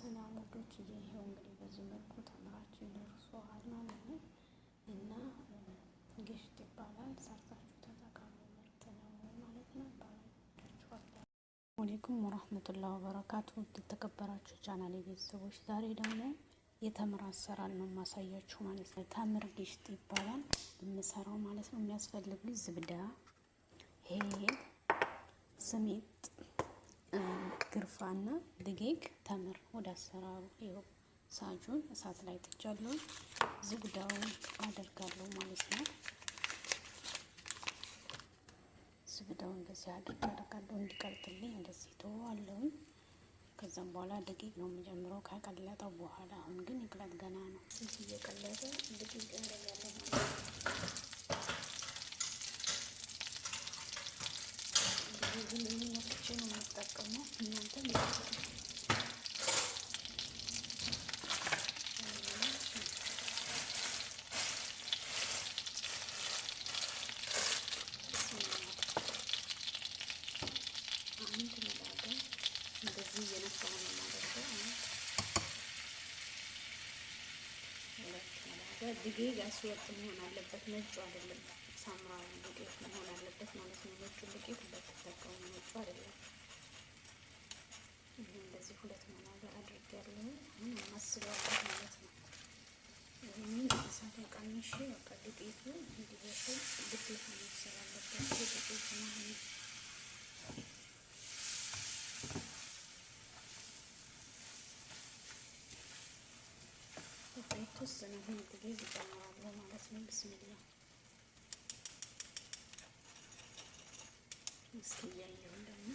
ሰላም ውዶች፣ ይሄው እንግዲህ በዚህ መልኩ ተምራችሁ ደርሶ ነው። እና ግሽት ይባላል። ሰርታችሁ ተጠቃሚ ምርት ነው ማለት ነው። ባላችኋል አለይኩም ወራህመቱላሂ ወበረካቱ። የተከበራችሁ ቻናል ቤተሰቦች ዛሬ ደግሞ የተምር አሰራር ነው ማሳያችሁ ማለት ነው። ተምር ግሽት ይባላል የምሰራው ማለት ነው። የሚያስፈልግ ዝብዳ፣ ሄል፣ ስሚጥ እና ልጌግ ተምር ወደ አሰራሩ ይኸው ሳጁን እሳት ላይ ጥጃለሁ። ዝግዳውን አደርጋለሁ ማለት ነው። ዝግዳውን እንደዚህ አድርግ አደርጋለሁ እንዲቀልጥልኝ እንደዚህ ተዋለውን። ከዛም በኋላ ደቂቅ ነው የምጀምረው ከቀለጠው በኋላ። አሁን ግን ይቅለጥ ገና ነው እየቀለጠ ልጌግ ያለ እንደዚህ እንደዚህ ነክቼ ነው የምጠቀመው። እናንተ አንድ መዳገም እንደዚህ እየነሳሁ ነው የማደርገው። ሁለት መዳገ ድጌ ጋር ሲወጥ መሆን አለበት፣ ነጩ አይደለም፣ ሳምራዊ ማለት ነው። ነጩን ዱቄት እንዳትጠቀሙ፣ ነጩ አይደለም። ይህ እንደዚህ ሁለት መናገር አድርግ ያለው አሁን ማስበዋበት ማለት ነው። ይህንን ቀንሽ በቃ ዱቄቱ እንዲበስል ግዴታ መብሰል አለበት። ዱቄቱ ማለት ነው። ጊዜ ይጨምራለሁ ማለት ነው። ብስሚላ እስኪ እያየሁ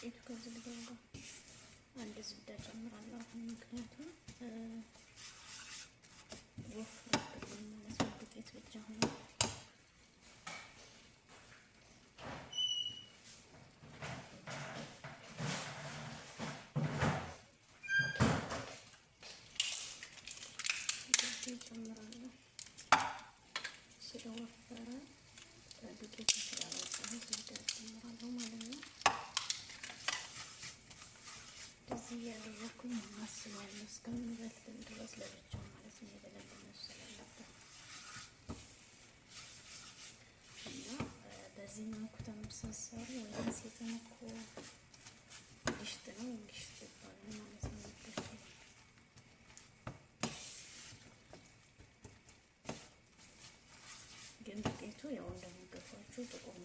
ውጤቱ ከዚህ ጋር አንድ ዝብዳ ጨምራለሁ። አሁን ምክንያቱም ወፍራ ማለት ነው ዱቄት ብቻ ሆኗል። እያደረኩኝ ማስባለሁ እስከምንበልጥም ድረስ ለብቻው ማለት ነው። እና በዚህ መልኩ ተመሳሰሩ ወይም ነው ይባላል ማለት ነው። ግን ያው እንደሚገባችሁ ጥቁር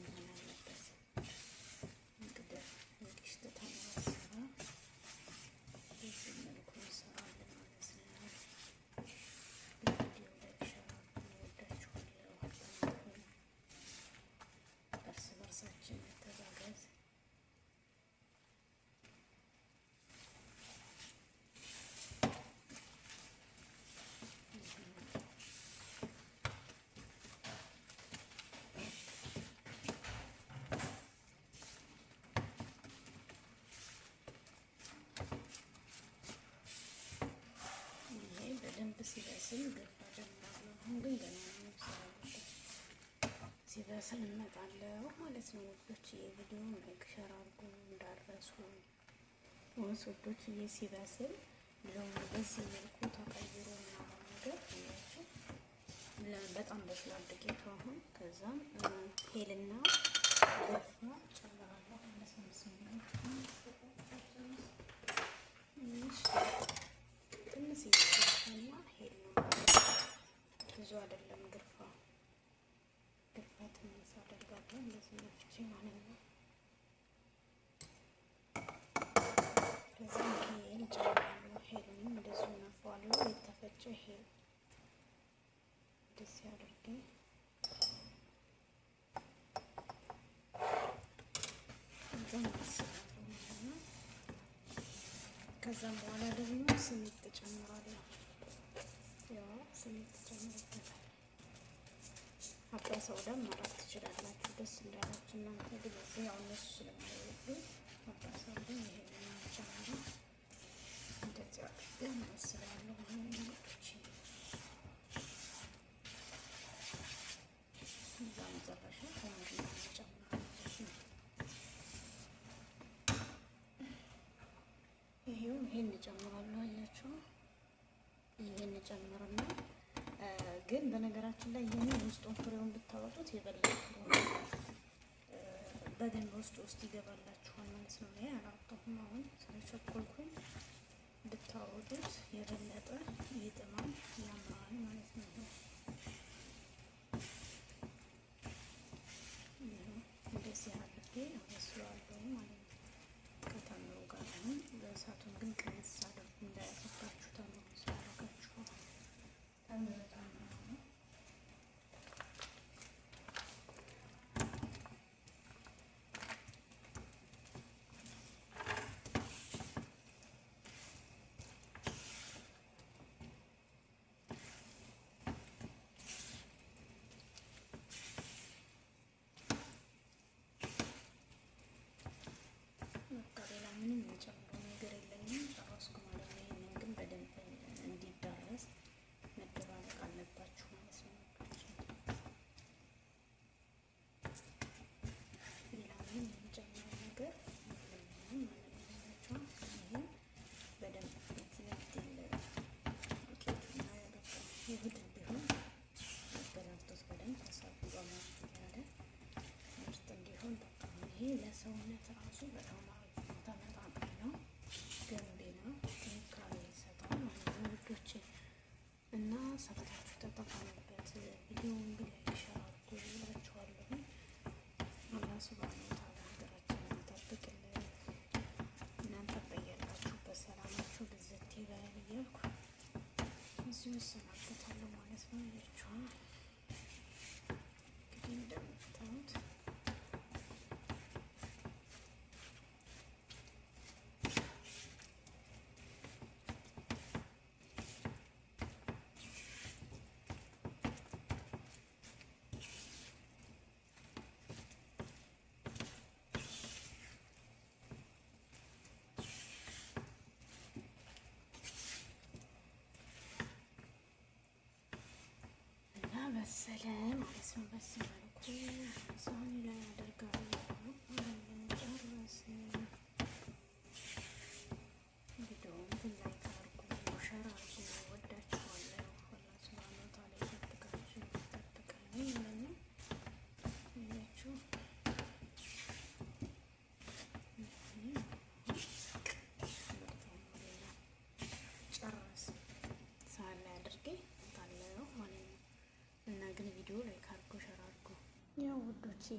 ሲል ገባ ጨምራለሁ። አሁን ግን ገና ሲበስል እመጣለሁ ማለት ነው። ወዶች የቪዲዮ ላይክ ሸር አድርጉ እንዳረሱ ወንስ ወዶች ሲበስል ለውን በዚህ መልኩ ተቀይሮ ምናምን ነገር ያቸው በጣም በስላል ዱቄቱ አሁን ከዛም ሄልና ጨምራለሁ ከዛም በኋላ ደግሞ ስሜት ተጨምሯል። ያው ስሜት ተጨምሮበታል። አባሰውዳም ማራት ትችላላችሁ፣ ደስ እንዳላችሁ እናንተ። ግን ያው እነሱ ስለማይወዱ አባሰውዳም ይሄ ብቻ ነው። እንደዚህ አድርገን መስላለሁ ይሄው ይሄን እጨምራለሁ። አያችሁ ይሄን እጨምርና ግን በነገራችን ላይ ይሄን ውስጡን ፍሬውን ብታወጡት የበለጠ በደንብ ውስጥ ውስጥ ይገባላችኋል ማለት ነው። ይሄ አላወጣሁም አሁን ስለቸኮልኩኝ ብታወጡት የበለጠ ሰውነት ራሱ በጣም አሪፍ ተመጣጣኝ ነው፣ ገንቢ ነው፣ ጥንካሬ ይሰጣል እና ሰርታችሁ ተጠቀሙበት። ቪዲዮ እንግዲህ ይሻላል ይላችኋለሁ። አላህ ሱብሃነ ወተዓላ ሀገራችንን ይጠብቅልን። እናንተ በያላችሁበት ሰላማችሁ ብዝት ይበል እያልኩ እዚሁ እሰናበታለሁ ማለት ነው። i'm a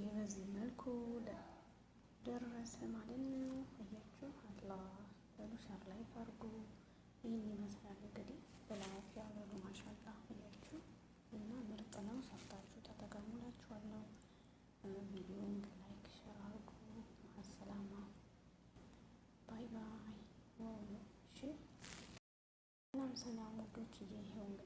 በዚህ መልኩ ደረሰ ማለት ነው። አላ አላህ በሉሻር ላይ አድርጎ ይህን ይመስላል እንግዲህ በላፊያ በሉ ማሻላ አያችሁ እና ምርጥ ነው። ሰርታችሁ ተጠቀሙላችኋለሁ። ቪዲዮን ላይክ ሸር አድርጉ። አሰላማ ባይ ባይ። ዋው እሺ ሰላም ሰላም ውዶች እየይኸው